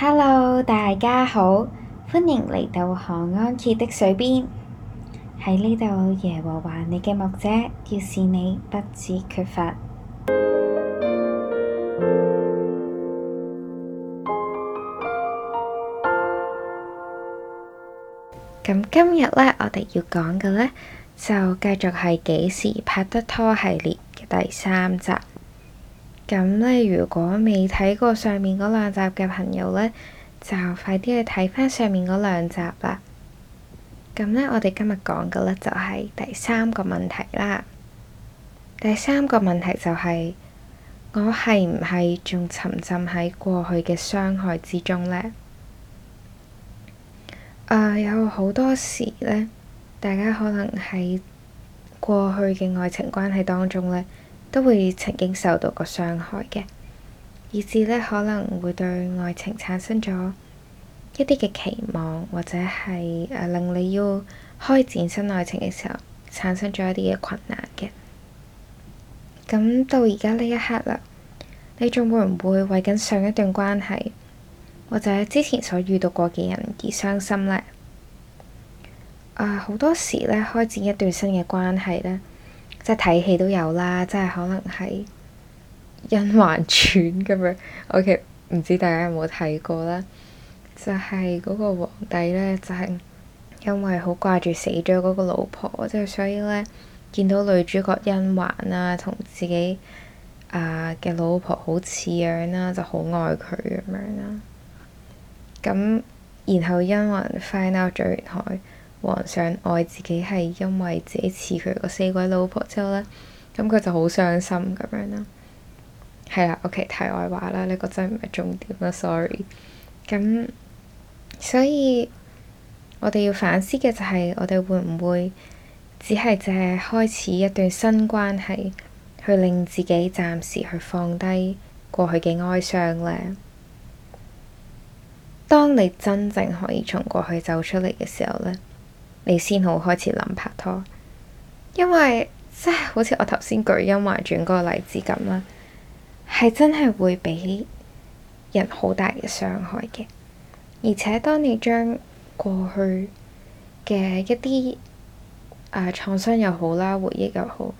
哈嘍，Hello, 大家好，歡迎嚟到可安歇的水邊。喺呢度，耶和華你嘅牧者，要使你不至缺乏。咁今日咧，我哋要講嘅咧，就繼續係幾時拍得拖系列嘅第三集。咁呢，如果未睇過上面嗰兩集嘅朋友呢，就快啲去睇翻上面嗰兩集啦。咁呢，我哋今日講嘅呢，就係第三個問題啦。第三個問題就係、是、我係唔係仲沉浸喺過去嘅傷害之中呢？誒、呃，有好多時呢，大家可能喺過去嘅愛情關係當中呢，都會曾經受到過傷害嘅，以致咧可能會對愛情產生咗一啲嘅期望，或者係誒、啊、令你要開展新愛情嘅時候產生咗一啲嘅困難嘅。咁到而家呢一刻啦，你仲會唔會為緊上一段關係或者之前所遇到過嘅人而傷心咧？啊，好多時咧，開展一段新嘅關係咧～即係睇戲都有啦，即係可能係甄嬛傳咁樣。OK，唔知大家有冇睇過啦，就係、係、嗰個皇帝呢，就係、係、因為好掛住死咗嗰個老婆，就所以呢見到女主角甄嬛啊，同自己啊嘅、呃、老婆好似樣啦，就好愛佢咁樣啦。咁然後甄嬛 find out 皇上愛自己係因為自己似佢個死鬼老婆之後呢，咁佢就好傷心咁樣啦。係啦，OK，題外話啦，呢個真係唔係重點啦，sorry。咁所以我哋要反思嘅就係我哋會唔會只係淨係開始一段新關係，去令自己暫時去放低過去嘅哀傷呢？當你真正可以從過去走出嚟嘅時候呢，你先好開始諗拍拖，因為即係好似我頭先舉陰霾轉嗰個例子咁啦，係真係會畀人好大嘅傷害嘅。而且當你將過去嘅一啲誒、啊、創傷又好啦、回憶又好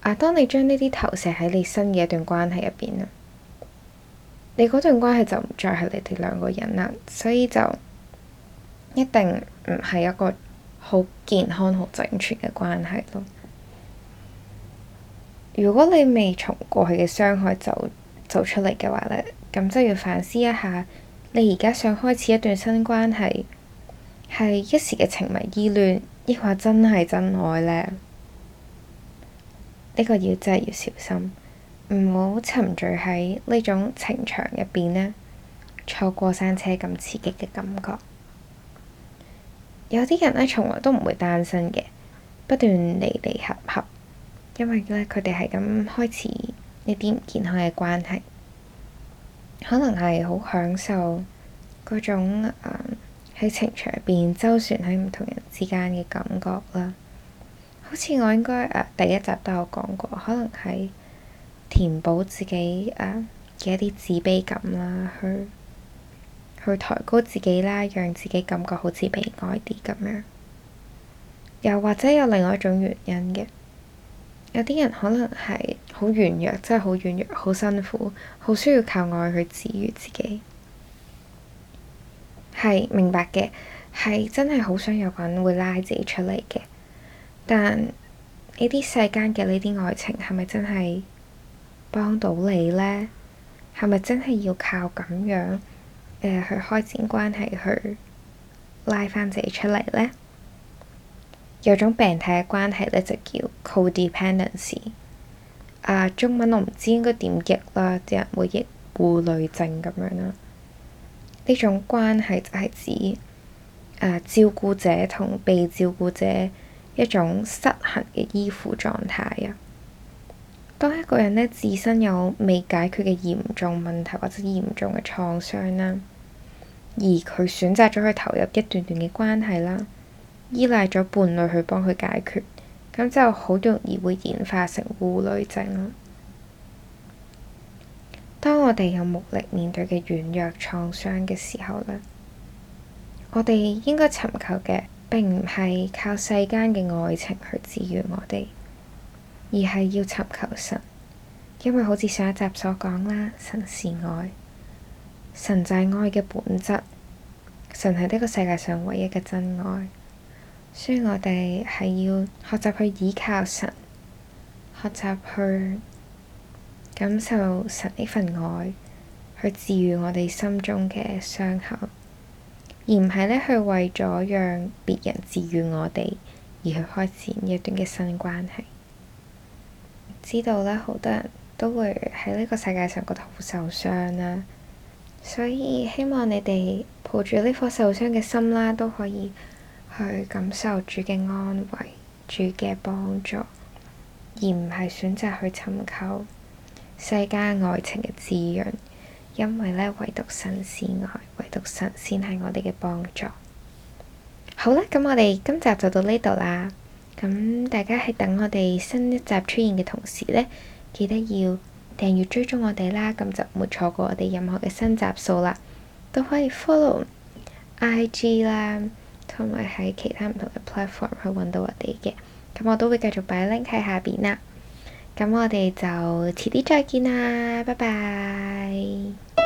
啊，當你將呢啲投射喺你新嘅一段關係入邊啦，你嗰段關係就唔再係你哋兩個人啦，所以就一定唔係一個。好健康、好整全嘅關係咯。如果你未從過去嘅傷害走走出嚟嘅話咧，咁就要反思一下，你而家想開始一段新關係，係一時嘅情迷意亂，抑或真係真愛咧？呢、呢個要真係要小心，唔好沉醉喺呢種情場入邊咧，坐過山車咁刺激嘅感覺。有啲人咧，從來都唔會單身嘅，不斷離離合合，因為咧佢哋係咁開始一啲唔健康嘅關係，可能係好享受嗰種誒喺、呃、情場入邊周旋喺唔同人之間嘅感覺啦。好似我應該啊、呃，第一集都有講過，可能係填補自己誒嘅、呃、一啲自卑感啦，去。去抬高自己啦，讓自己感覺好似被愛啲咁樣。又或者有另外一種原因嘅，有啲人可能係好軟弱，真係好軟弱，好辛苦，好需要靠愛去治癒自己。係明白嘅，係真係好想有個人會拉自己出嚟嘅。但呢啲世間嘅呢啲愛情係咪真係幫到你咧？係咪真係要靠咁樣？去開展關係，去拉翻自己出嚟咧。有種病態嘅關係咧，就叫 codependency。啊，中文我唔知應該點譯啦，啲人會譯互累症咁樣啦。呢種關係就係指誒、啊、照顧者同被照顧者一種失衡嘅依附狀態啊。當一個人咧，自身有未解決嘅嚴重問題或者嚴重嘅創傷啦。而佢選擇咗去投入一段段嘅關係啦，依賴咗伴侶去幫佢解決，咁就好容易會演化成互累症啦。當我哋有無力面對嘅軟弱創傷嘅時候咧，我哋應該尋求嘅並唔係靠世間嘅愛情去治癒我哋，而係要尋求神，因為好似上一集所講啦，神是愛。神就係愛嘅本質，神係呢個世界上唯一嘅真愛，所以我哋係要學習去依靠神，學習去感受神呢份愛，去治愈我哋心中嘅傷口，而唔係咧去為咗讓別人治愈我哋而去開展一段嘅新關係。知道咧，好多人都會喺呢個世界上覺得好受傷啦。所以希望你哋抱住呢顆受傷嘅心啦，都可以去感受主嘅安慰、主嘅幫助，而唔係選擇去尋求世界愛情嘅滋潤，因為咧唯獨神是愛，唯獨神先係我哋嘅幫助。好啦，咁我哋今集就到呢度啦。咁大家喺等我哋新一集出現嘅同時咧，記得要訂閱追蹤我哋啦，咁就冇錯過我哋任何嘅新集數啦，都可以 follow IG 啦，同埋喺其他唔同嘅 platform 去搵到我哋嘅，咁我都會繼續擺 link 喺下邊啦，咁我哋就遲啲再見啦，拜拜。